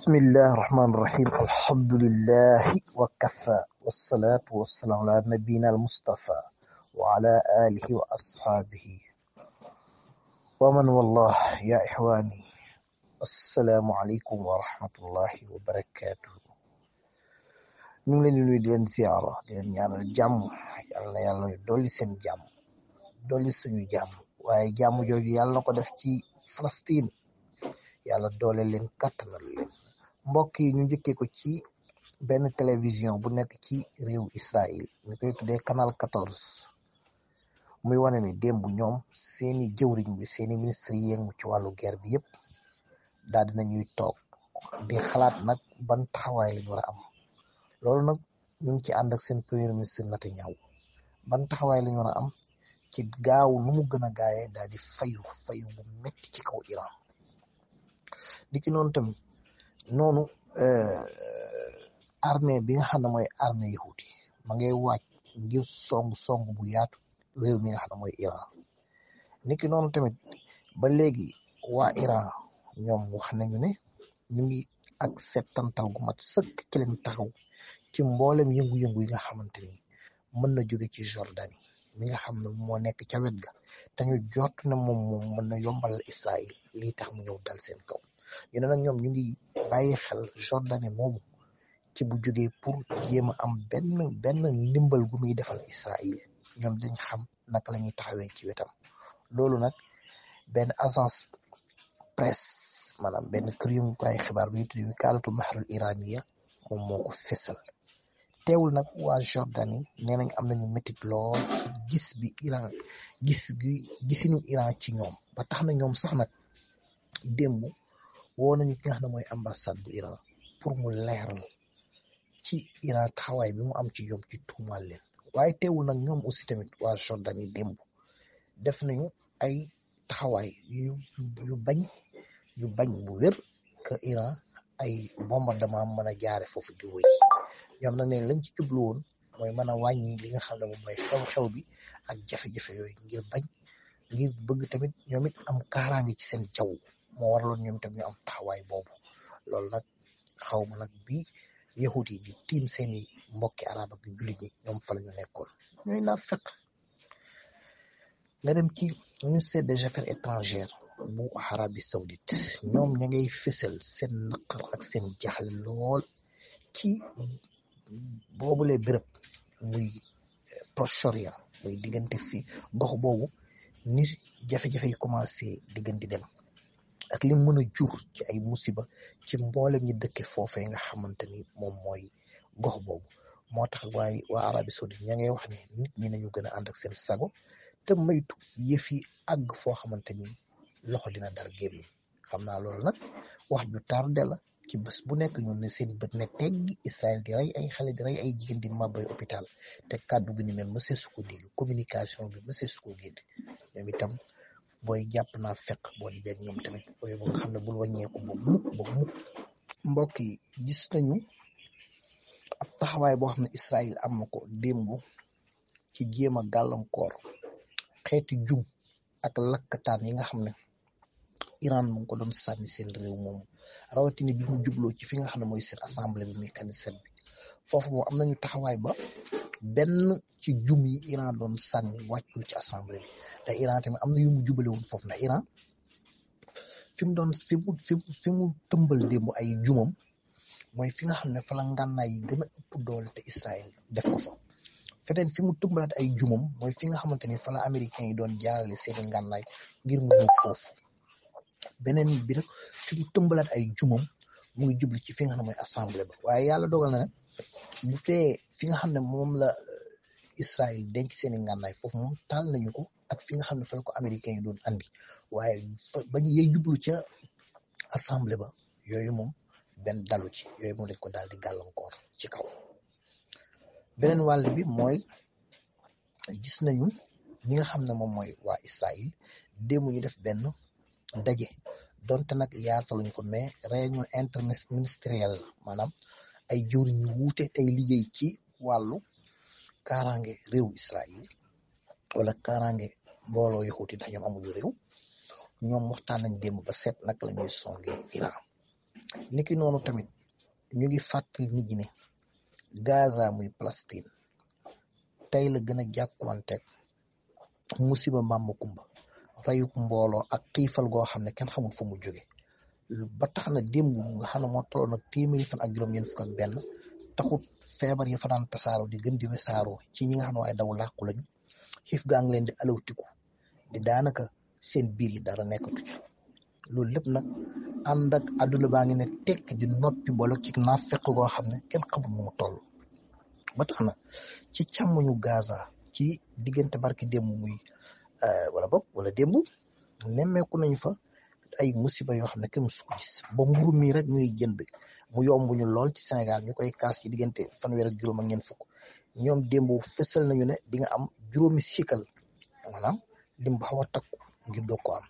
بسم الله الرحمن الرحيم الحمد لله وكفى والصلاة والسلام على نبينا المصطفى وعلى آله وأصحابه ومن والله يا إخواني السلام عليكم ورحمة الله وبركاته ñu ngi leen di nuyu di leen ziyaara di leen ñaanal jàmm yàlla na yàlla dolli seen jàmm dolli suñu jàmm waaye jàmm jooju yàlla na ko def ci Palestine yàlla doole leen mbokk yi ñu njëkkee ko ci benn télévision bu nekk ci réew Israël ñu koy tuddee canal 14 muy wane ne bu ñoom seeni jëwriñ bi seeni ministre yi yëngu ci wàllu geer bi yëpp daal dina ñuy toog di xalaat nag ban taxawaay lañ war a am loolu nag ñu ngi ci ànd ak seen premier ministre Netanyahu ban taxawaay lañ war a am ci gaaw nu mu gën a gaayee daal di fayu fayu bu metti ci kaw Iran li ci noonu tamit noonu eh, armée bi nga xam ne mooy armée yahut yi ma wàcc ngir song song bu yaatu réew mi nga xam ne mooy Iran niki noonu tamit ba léegi waa Iran ñoom wax nañu ne ñu ngi ak settantal gu mat sëkk ci taxaw ci mboolem yëngu-yëngu yi nga xamante ni mën na jóge ci Jordanie mi nga xam ne moo nekk ca wet ga te ñu jot na moom moom mën na yombalal Israël lii tax mu ñëw dal seen kaw ñu nag ñoom ñu ngi bàyyi xel Jordanie moomu ci bu jógee pour jéem a am benn benn ndimbal gu muy defal Israël ñoom dañ xam naka la taxawee ci wetam loolu nag benn agence presse maanaam benn kër yëngukaay xibaar bu ñu tudd wikaalatu mahrul iraniya moom moo ko fésal teewul nag wa Jordanie nee nañ am nañu métit lool ci gis bi Iran gis gi gisinu Iran ci ñoom ba tax na ñoom sax nag démb woo nañu ki nga xam ne mooy ambassade bu Iran pour mu leeral ci Iran taxawaay bi mu am ci ñoom ci tuumaal leen waaye teewul nag ñoom aussi tamit waa Jordanie démb def nañu ay taxawaay yu yu bañ yu bañ bu wér que Iran ay bombardement mën a jaare foofu di wëy ñoom nag ne lañ ci jublu woon mooy mën a wàññi li nga xam ne moom mooy xew-xew bi ak jafe-jafe yooyu ngir bañ ngir bëgg tamit ñoom it am kaaraange ci seen jaww moo waraloon ñoom tam ñu am taxawaay boobu loolu nag xaw ma nag bi yahut yi di tiim seeni mbokki arab ak jullit yi ñoom fa la ñu nekkoon ñooy naa fekk nga dem ci ministère des affaires étrangères bu Arabie Saoudite ñoom ña ngay fësal seen naqar ak seen jaaxle lool ci boobule béréb muy Proche-Orient muy diggante fi gox boobu ni jafe-jafe yi commencé digganti dem ak li mën a jur ci ay musiba ci mboolem ñi dëkke foofee nga xamante ni moom mooy gox boobu moo tax waaye waa Arabie Saoudite ña ngay wax ne nit ñi nañu gën a ànd ak seen sago te maytu yëf yi àgg foo xamante ni loxo dina dar gémmi xam naa loolu nag wax ju tardé la ci bés bu nekk ñun ne seen bët ne teggi Israël di rey ay xale di rey ay jigéen di màbbay hôpital te kàddu gi ni mel mëseesu ko dégg communication bi mëseesu ko génn ñoom itam booy jàpp naa fekk boo di ñoom tamit booy ba nga xam ne bul wàññeeku ba mukk ba mbokk yi gis nañu ab taxawaay boo xam ne Israël am na ko démb ci jéem a gàllankoor xeeti jum ak lakkataan yi nga xam ne Iran mu ko doon sànni seen réew moomu rawatina bi mu jubloo ci fi nga xam ne mooy seen assemblée bi muy kaniset bi foofu moom am nañu taxawaay ba benn ci jum yi Iran doon sànni wàccul ci assemblée bi te Iran tamit am na yu mu jubale woon foofu na Iran fi mu doon fi mu fi mu fi mu tëmbal démb ay jumam mooy fi nga xam ne fa la yi gën te Israël def ko fi mu tëmbalaat ay jumam mooy fi nga xamante ni fa la américains yi doon jaarale seeni ngànnaay ngir mu ñëw foofu bi nag fi mu ay jumam mu ngi jublu ci fi nga xam ne mooy assemblée ba waaye yàlla dogal na bu fee fi nga xam ne moom la Israël denc seeni ngànnaay foofu moom taal nañu ko ak fi nga xam ne fa ko américains yi doon andi waaye ba ñu yey jublu ca assemblée ba yooyu moom benn dalu ci yooyu moom dañ ko daal di gàllankoor ci kaw beneen wàll bi mooy gis nañu ñi nga xam ne moom mooy waa Israël démb ñu def benn daje donte nag ñu ko mais réunion interministérielle la maanaam ay jëwriñ ñu te tey liggéey ci wàllu kaaraange réew Israël wala kaaraange mbooloo yu xuuti ndax ñoom amuñu réew ñoom waxtaan nañ démb ba seet nag la ñuy songee Iran niki noonu tamit ñu ngi fàttali nit ñi ne Gaza muy Palestine tey la gën a jàkkuwanteeg musiba màmma kumba rayuk mbooloo ak kiifal goo xam ne kenn xamul fu mu jóge ba tax na démb nga xam ne moo tolloon ak téeméeri fan ak juróom-ñeent fukk ak benn taxut feebar yi fa daan tasaaroo di gën di wesaaroo ci ñi nga xam ne waaye daw làqu lañu xiif gaa ngi leen di alawtiku di daanaka seen biir yi dara nekkatu ci loolu lépp nag ànd ak baa ngi ne tekk di noppi bolo ci naaf fekk goo xam ne kenn xamul mu toll ba tax na ci càmmuñu Gaza ci diggante barki démb muy euh, wala bopp wala démb nemmeeku nañu fa ay musiba yoo xam ne kenn musu ko gis ba mburu mi rek ñuy jënd mu yomb ñu lool ci Sénégal ñu koy kaas ci diggante fanweer ak juróom ak ñeent fukk ñoom démb fësal nañu ne di nga am juróomi cycle maanaam lim bu a takku ngir doog ko am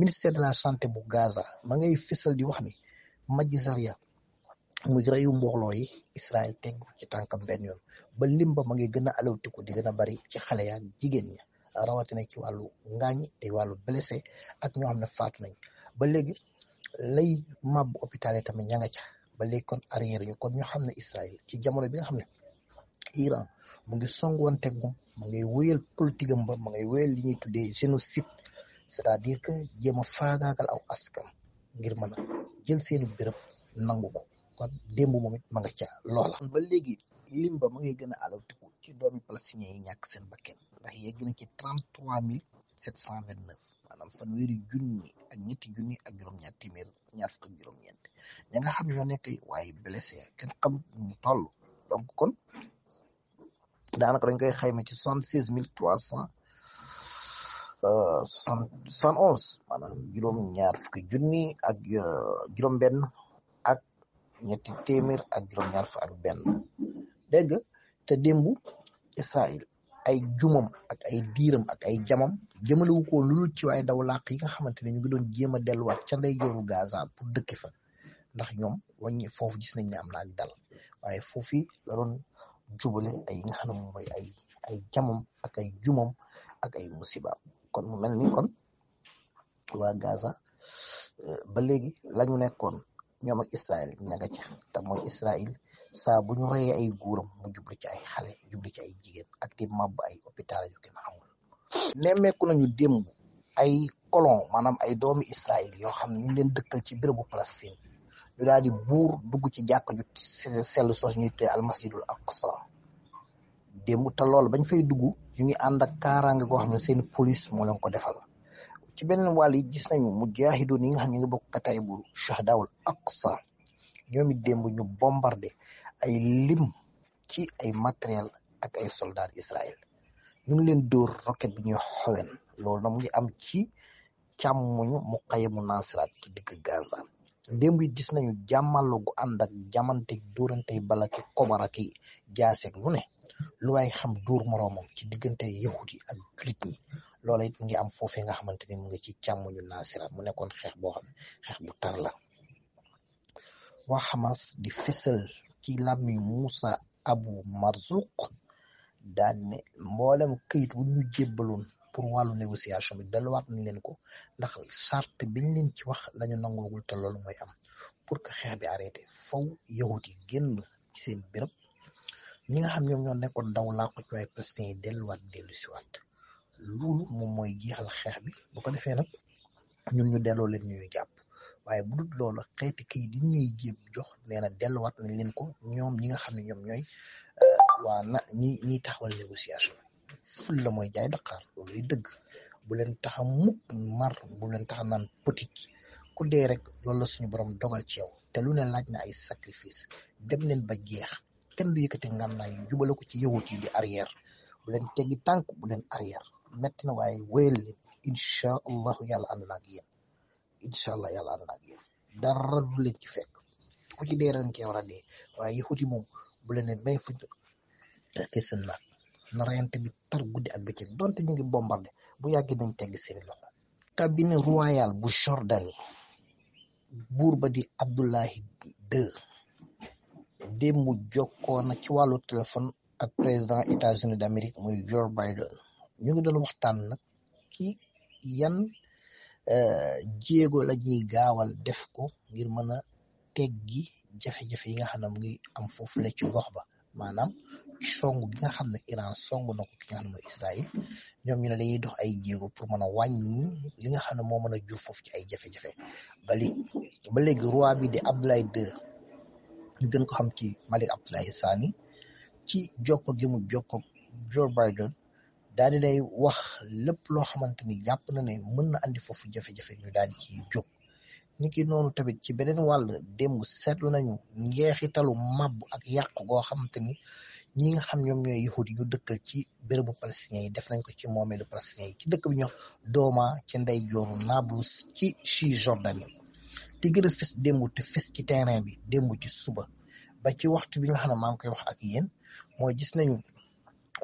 ministère de la santé bu Gaza ma ngay fësal di wax ni majji zaria muy reyu mbooloo yi Israël teg ci tànkam benn yoon ba lim ba ma ngi gën a alawtiku di gën a bari ci xale yaak jigéen ña rawatina ci wàllu ngaañ te wàllu blessé ak ñoo xam ne faatu nañ ba léegi lay màbb hôpital yi tamit ña nga ca ba léegi kon arrière ñu kon ñoo xam ne Israël ci jamono bi nga xam ne Iran mu ngi songoonte moom mu ngay wéyal politique am ba mu ngay wéyal li ñuy tuddee génocide c'est-à-dire que jéem a faagaagal aw askan ngir mën a jël seeni béréb nangu ko kon démb moom it ma nga ca loola. ba léegi lim ba ma ngay gën a alawtiku ci doomi palestinien yi ñàkk seen bakken ndax yegg na ci trente trois mille sept cent vingt neuf maanaam junni ak ñetti junni ak juróom-ñaar téeméer ñaar fukk ak juróom-ñeent nga xam ñoo nekk waaye blessé kenn xam ñu toll donc kon daanaka dañ koy xayma ci soixante seize mille trois cent euh, soixante onze maanaam juróom-ñaar fukki junni ak euh, juróom-benn ak ñetti téeméer ak juróom-ñaar fukk ak benn dégg te démb Israël ay jumam ak ay diiram ak ay jamam jëmalewu ko lulul ci waaye daw làq yi nga xamante ne ñu ngi doon jéem a delluwaat ca ndey jooru Gaza pour dëkki fa ndax ñoom wàññi foofu gis nañ ne dal waaye foofu la doon jubale ay nga xam ne moom mooy ay ay jamam ak ay jumam ak ay musiba kon mu mel ni kon waa Gaza euh, ba léegi la ñu nekkoon ñoom ak Israël ña nga ca te mooy saa bu ñu reyee ay guuram mu jublu ci ay xale jublu ci ay jigéen ak di màbb ay hôpital yu kenn xamul nemmeeku nañu démb ay colon maanaam ay doomi Israël yoo xam ne ñu leen dëkkal ci bérébu Palestine ñu daal buur dugg ci jàkk ju sell soos ñuy tee almasjidul aqsa démb bañ fay dugg ñu ngi ànd ak kaaraange goo xam ne seen police moo leen ko defal ci beneen wàll yi gis nañu mujaahidoon ninga xam ne ñu ngi bokk katay bu shahdaawul aqsa ñoom it démb ñu bombardé ay lim ci ay matériel ak ay soldat Israël ñu ngi leen dóor roquette bi ñuy xawen loolu nag mu ngi am ci càmmuñu mu xaye mu nasiraat digg Gaza démb it gis nañu jàmmallo gu ànd ak jamanteg dóorantey balaki kobaraki jaaseeg lu ne lu waay xam dóor moroomam ci diggante yahut yi ak julit ñi loola it mu ngi am foofee nga xamante ni mu ngi ci càmmuñu naasira mu nekkoon xeex boo xam ne xeex bu tar la waa Hamas di fësal ci làmmi Moussa Abu Marzouk daan ne mboolem kayit wu ñu jébbaloon pour wàllu négociation bi delluwaat nañ leen ko ndax charte biñ leen ci wax lañu nangoogul te loolu mooy am pour que xeex bi arrêté faw yahut yi génn ci seen béréb ñi nga xam ñoom ñoo nekkoon daw làqu ci waay palestin delluwaat dellu siwaat loolu moom mooy jeexal xeex bi bu ko defee nag ñun ñu delloo leen ñuy jàpp waaye bu dul loolu xeeti kayit yi ñuy jéem jox nee na delluwaat nañ leen ko ñoom ñi nga xam ne ñoom ñooy euh, waa na ñi ñiy taxawal négociation ful la mooy jaay Dakar looluy dëgg bu leen taxa mukk mar bu leen taxa naan ku dee rek loolu la suñu borom dogal ci yow te lu ne laaj na ay sacrifice dem leen ba jeex kenn du yëkkati ngànnaay jubale ko ci yëwut yi di arrière bu leen teggi tànk bu leen arrière metti na waaye wéyal leen incha allahu yàlla ànd naag yéen incha allah yàlla ànd naag yéen dara du ci fekk ku ci dee ren kee war a dee waaye yëwut yi moom bu leen ne may fuñ fekkee na reyante bi tar guddi ak bëccëg donte ñu ngi bombardé bu yàgg dañ tegg seeni loxo cabinet royal bu Jordanie buur ba di Abdullahi II démb jokkoo na ci wàllu téléphone ak président États-Unis d'Amérique muy Joe ñu ngi doon waxtaan nag ci yan euh, jéego la ñuy gaawal def ko ngir mën a teggi jafe-jafe yi nga xam ne mu ngi am foofu la ci gox ba maanaam song gi nga xam ne Iran song no ko ki nga xam ne mooy Israël ñoom ñu dañuy dox ay jéego pour mën a wàññi li nga xam ne moo mën a jur foofu ci ay jafe-jafe ba léegi bi di Abdoulaye II ñu gën ko xam ci Malik Abdoulaye Sani ci jokko gi mu jokko Joe Biden daal di lay wax lépp loo xamante ni jàpp na ne mën na andi foofu jafe-jafe ñu daal di ciy jóg ni ki noonu tamit ci beneen wàll démb seetlu nañu njeexitalu màbb ak yàq goo xamante ni ñi nga xam ñoom ñooy yahud yu dëkkal ci bérébu palestinien yi def nañ ko ci moomeelu palestinien yi ci dëkk bi ñox dooma ci ndey jooru Nablus ci si Jordanie li gën a fes démb te fes ci terrain bi démb ci suba ba ci waxtu bi nga xam ne maa ngi koy wax ak yéen moo gis nañu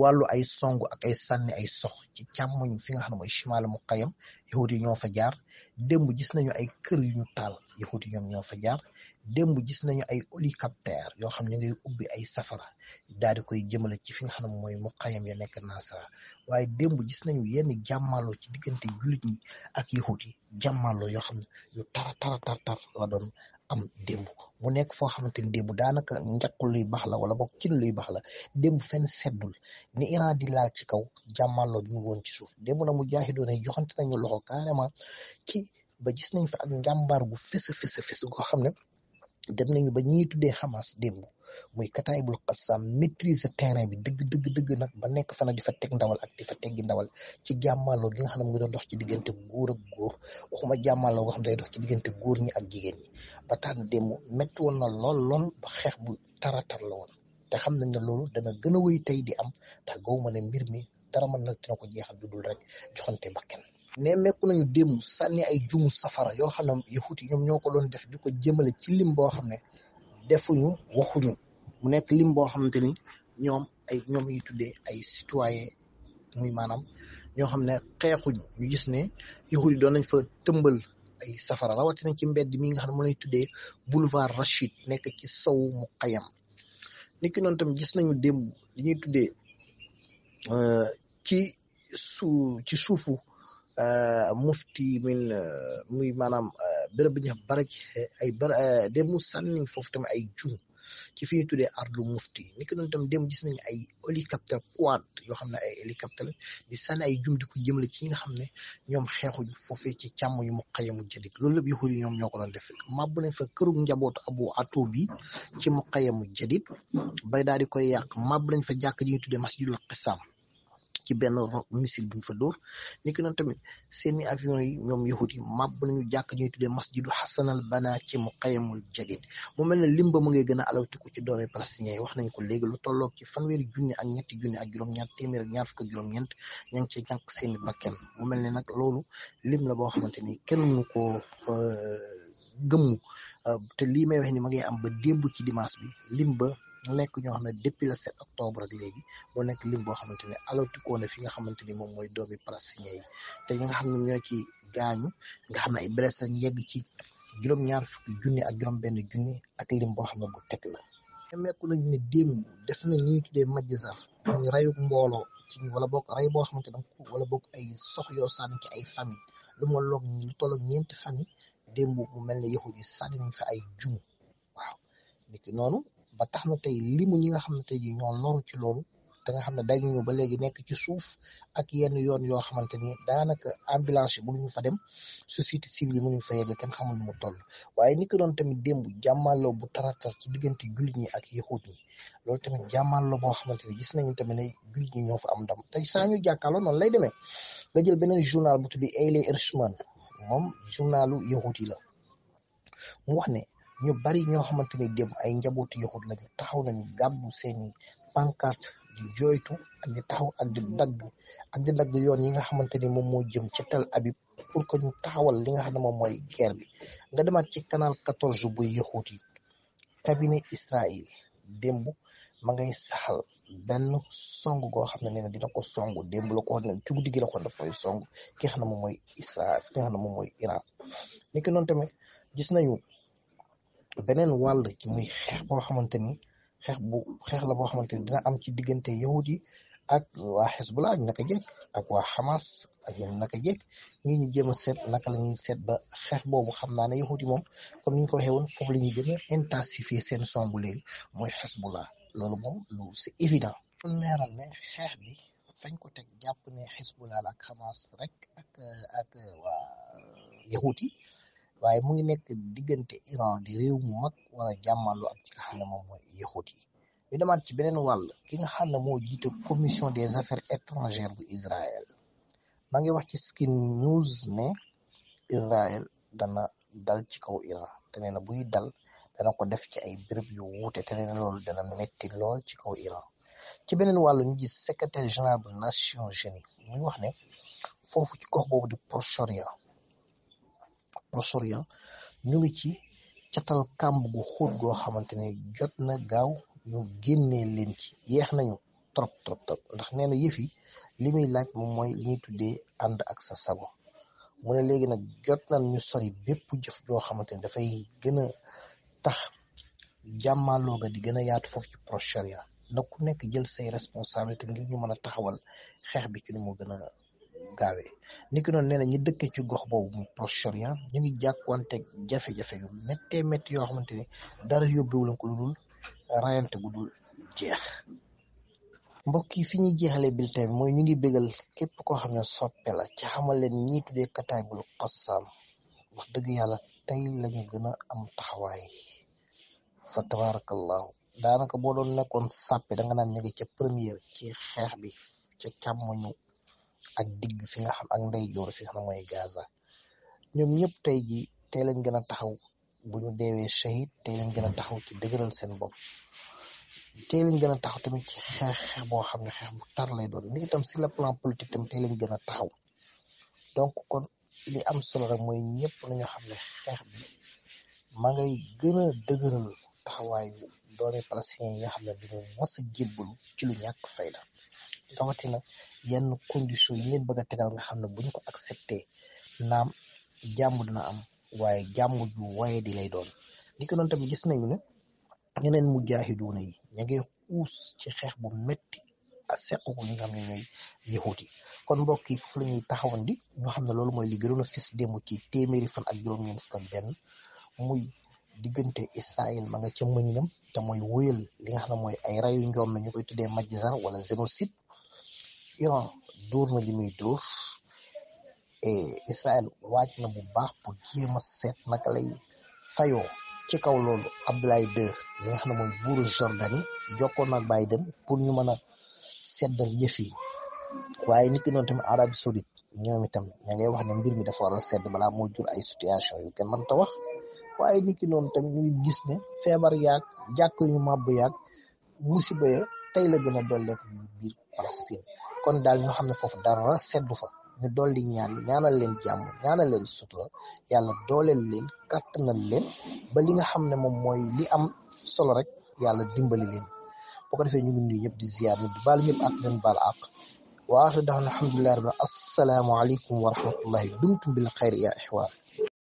wàllu ay song ak ay sànni ay sox ci càmmoñ fi nga xam ne mooy chimal mu xayam yahud yi ñoo fa jaar démb gis nañu ay kër yu ñu taal yëfut ñoom ñoo fa jaar démb gis nañu ay hélicoptère yoo xam ne ngay ubbi ay safara daal di koy jëmale ci fi nga xam ne mooy muqayam ya nekk Nasara waaye démb gis nañu yenn jàmmaloo ci diggante jullit ak yëfut yi jàmmaloo yoo xam ne yu tara tara la doon am démb mu nekk foo xamante ni démb daanaka njaq luy baax la wala boog cin luy baax la démb fenn seddul ni Iran di laal ci kaw jàmmaloo bi ñu woon ci suuf démb na mu jaaxidoon yi joxante nañu loxo carrément ci ba gis nañ fa ak njàmbaar gu fës a fës a fës goo xam ne dem nañu ba ñiy tuddee Hamas démb muy Kataibul Qassam maîtriser terrain bi dëgg dëgg dëgg nag ba nekk fana di fa teg ndawal ak di fa teggi ndawal ci jàmmaaloo gi nga xam ne mu ngi doon dox ci diggante góor ak góor waxuma jàmmaaloo goo dox ci diggante góor ñi ak jigéen ñi ba na démb métti woon na lool lool ba xeex bu taratar la woon te xam nañ ne loolu dana gën a wéy tey di am ndax gaw ma ne mbir mi dara mën na dina ko jeexal du dul rek joxante ba kenn ne mekku nañu démb sànni ay jumu safara yoo xam ne yahut ñoom ñoo ko doon def di ko jëmale ci lim boo xam ne defuñu waxuñu mu nekk lim boo xamante ni ñoom ay ñoom tuddee ay citoyen muy maanaam ñoo xam ne xeexuñ ñu gis ne yahut doon nañ fa tëmbal ay safara rawatina ci mbedd mi nga xam ne moo lay tuddee boulevard nekk ci sow mu xayam niki noonu tam gis nañu démb li tuddee euh, ci su ci suufu mufti min muy maanaam béréb bi ñu xam baraj ay bara dem mu sànni foofu tamit ay jum ci fi ñu tuddee ardu mufti ni ko noonu tam dem gis nañ ay hélicoptère quad yoo xam ne ay hélicoptère di sànni ay jum di ko jëmale ci nga xam ne ñoom xeexuñ foofee ci càmmuñu mu xayamu jadik loolu lépp yahud yi ñoom ñoo ko doon def màbb nañ fa këru njabootu abu ato bi ci mu xayamu jadid bay daal di koy yàq màbb nañ fa jàkk ji ñu tuddee masjidul qisam ci benn missile buñ fa dóor ni ki noonu tamit seeni avion yi ñoom yahut yi màbb nañu jàkk ñuy tuddee masjidu xasanal bana ci mu xayamul jadid mu mel ne limba mu ngay gën a alawtiku ci doomi palestinien yi wax nañ ko léegi lu tolloog ci fanweeri junni ak ñetti junni ak juróom-ñaar téeméer ak ñaar fukk ak juróom-ñeent ña ngi ci ñàkk seeni bakken mu mel ne nag loolu lim la boo xamante ni kenn mënu koo euh, euh, te lii may wax ni ma ngay am ba démb ci dimanche bi lim ba mu nekk ñoo xam ne depuis la 7 octobre ak léegi mu nekk lim boo xamante ne alawtikoo fi nga xamante ni moom mooy doomi palestinien yi te nga xam ne ñoo ci gaañu nga xam ne ay blessé yegg ci juróom-ñaar fukki ak juróom-benn junni ak lim boo xam ne bu teg la. mekku nañu ne démb def nañ ñuy tuddee majjisar muy rayu mbooloo ci wala bokk ray boo xamante ne wala bokk ay sox yoo sànni ay famille lu ma loog lu tolloog ñeenti famille démb mu mel ne yahud yi sànni nañ fa ay jum waaw nit ki noonu ba tax na tey limu ñi nga xam ne tey ji ñoo loru ci loolu te nga xam ne day ñu ba léegi nekk ci suuf ak yenn yoon yoo xamante ni daanaka ambulance bu mënuñu fa dem société civile yi mënuñu fa yegg kenn xamul mu toll waaye ni ko doon tamit démb jàmmaloo bu taratar ci diggante jullit ñi ak yexuut ñi loolu tamit jàmmaloo boo xamante ni gis nañu tamit ne jullit ñi ñoo fa am ndam tey saa ñu jàkkaarloo noonu lay demee nga jël beneen journal bu tudd Eile Irshman moom journalu yexuut yi la mu wax ne ñu bari ñoo xamante ni démb ay njabootu yoxut lañu taxaw nañu gàddu seeni pancarte di jooytu ak di taxaw ak di dagg ak di dagg yoon yi nga xamante ni moom moo jëm ci Tel Aviv pour que taxawal li nga xam ne moom mooy guerre bi nga demaat ci canal 14 bu yoxut yi cabinet Israël démb ma ngay saxal benn song goo xam ne nee na dina ko song démb la ko wax ne ci guddi gi la ko daf song ki nga xam ne moom mooy ki nga xam ne moom mooy Iran nekk noonu gis nañu beneen wàll ci muy xeex boo xamante ni xeex bu xeex la boo xamante ni dina am ci diggante yahud yi ak waa Hezbollah ñu naka jekk ak wa Hamas ak ñoom naka jekk ñi ñu jéem a seet naka la seet ba xeex boobu xam naa ne yahud yi moom comme ni ñu ko waxee woon foofu la ñuy gën a intensifier seen sombu léegi mooy Hezbollah loolu moom lu c'est évident. kon leeral ne xeex bi fañ ko teg jàpp ne Hezbollah la ak Hamas rek ak ak waa waaye mu ngi nekk diggante Iran di réew mu mag war a jàmmaloo ak ci nga xam ne moom mooy yahut yi ñu ci beneen wàll ki nga xam ne moo jiite commission des affaires étrangères bu Israël maa ngi wax ci Skin News ne Israël dana dal ci kaw Iran te nee na buy dal dana ko def ci ay béréb yu wuute te nee na loolu dana metti lool ci kaw Iran ci beneen wàll ñu gis secrétaire général bu Nations Unies muy wax ne foofu ci gox boobu di proche ba sori ah, ñu ngi ci catal kàmb gu xóot goo xamante ne jot na gaaw ñu génnee leen ci yeex nañu trop trop trop ndax nee na yëf li muy laaj moom mooy li ñuy tuddee ànd ak sa sago mu ne léegi nag jot nañ ñu sori bépp jëf goo xamante ne dafay gën a tax jàmmaloo ga di gën a yaatu foofu ci Proche-Orient na ku nekk jël say responsabilité ngir ñu mën a taxawal xeex bi ci ni mu gën a gaawee niki noonu nee na ñi dëkkee ci gox boobu Proche-Orient ñu ngi jàkkuwanteeg jafe-jafe yu méttee yoo xamante ni dara yóbbewu leen ko lu dul rayante gu jeex mbokk yi fi ñuy jeexalee bulletin bi mooy ñu ngi bégal képp koo xam ne soppe la ci xamal leen ñii tuddee Kataybul Qassam wax dëgg yàlla tey lañu gën a am taxawaay fa tabarakallahu daanaka boo doon nekkoon sàppe da nga naan ñu ngi ca ci xeex bi ca càmmoñu ak digg fi nga xam ak ndeyjoor fi nga xam mooy Gaza ñoom ñëpp tey ji tey lañ gën a taxaw buñu ñu deewee shahid tey lañ gën a taxaw ci dëgëral seen bopp tey lañ gën a taxaw tamit ci xeex boo xam ne xeex bu tar lay doon ni itam si le plan politique tamit tey lañ gën a taxaw donc kon li am solo rek mooy ñëpp nañu xam ne xeex bi ma ngay gën a dëgëral taxawaayu doomi palestinien yi nga xam ne duñu mas a jébbalu ci lu ñàkk fayda rawatina yenn condition yi leen bëgg a tegal nga xam ne bu ñu ko accepté naam jàmm dina am waaye jàmm ju waaye di lay doon ni ko noonu tamit gis nañu ne ñeneen mujaahiduuna yi ña ngi xuus ci xeex bu metti a seq ko ñi nga xam ne ñooy yahuut yi kon mbokk yi foofu la ñuy taxawoon di ñu xam ne loolu mooy li gënoon a fës ci téeméeri fan ak juróom-ñeent fukk ak benn muy diggante ma nga ca mëññam te mooy wóyal li nga xam ne mooy ay rayu ñoom la ñu koy tuddee majzar wala génocide Iran dóor na li muy dóor et eh, Israël na bu baax pour jéem a seet naka lay fayoo ci kaw loolu Abdoulaye II mi nga xam ne mooy buuru Jordanie jokkoon ak Biden pour ñu mën a seddal yëf yi waaye nit ki noonu tamit Arabie Saoudite ñoom itam ña wax ne mbir mi dafa war a sedd balaa moo jur ay situation yu kenn mënta wax waaye nit ki noonu tamit ñu ngi gis ne feebar yaag jàkk yu màbb yaag musiba ya tey la gën a dolleeku biir Palestine kon daal ñu xam ne foofu dara seddu fa ñu dolli ñaan ñaanal leen jàmm ñaanal leen sutura yàlla dooleel leen kàttanal leen ba li nga xam ne moom mooy li am solo rek yàlla dimbali leen boo ko defee ñu ngi nuyu ñëpp di ziar ñu di baal ñëpp ak leen baal àq waaxir dax alhamdulillahi rabbil assalaamu aleykum wa rahmatullahi dumtum bil xayri ya ixwaan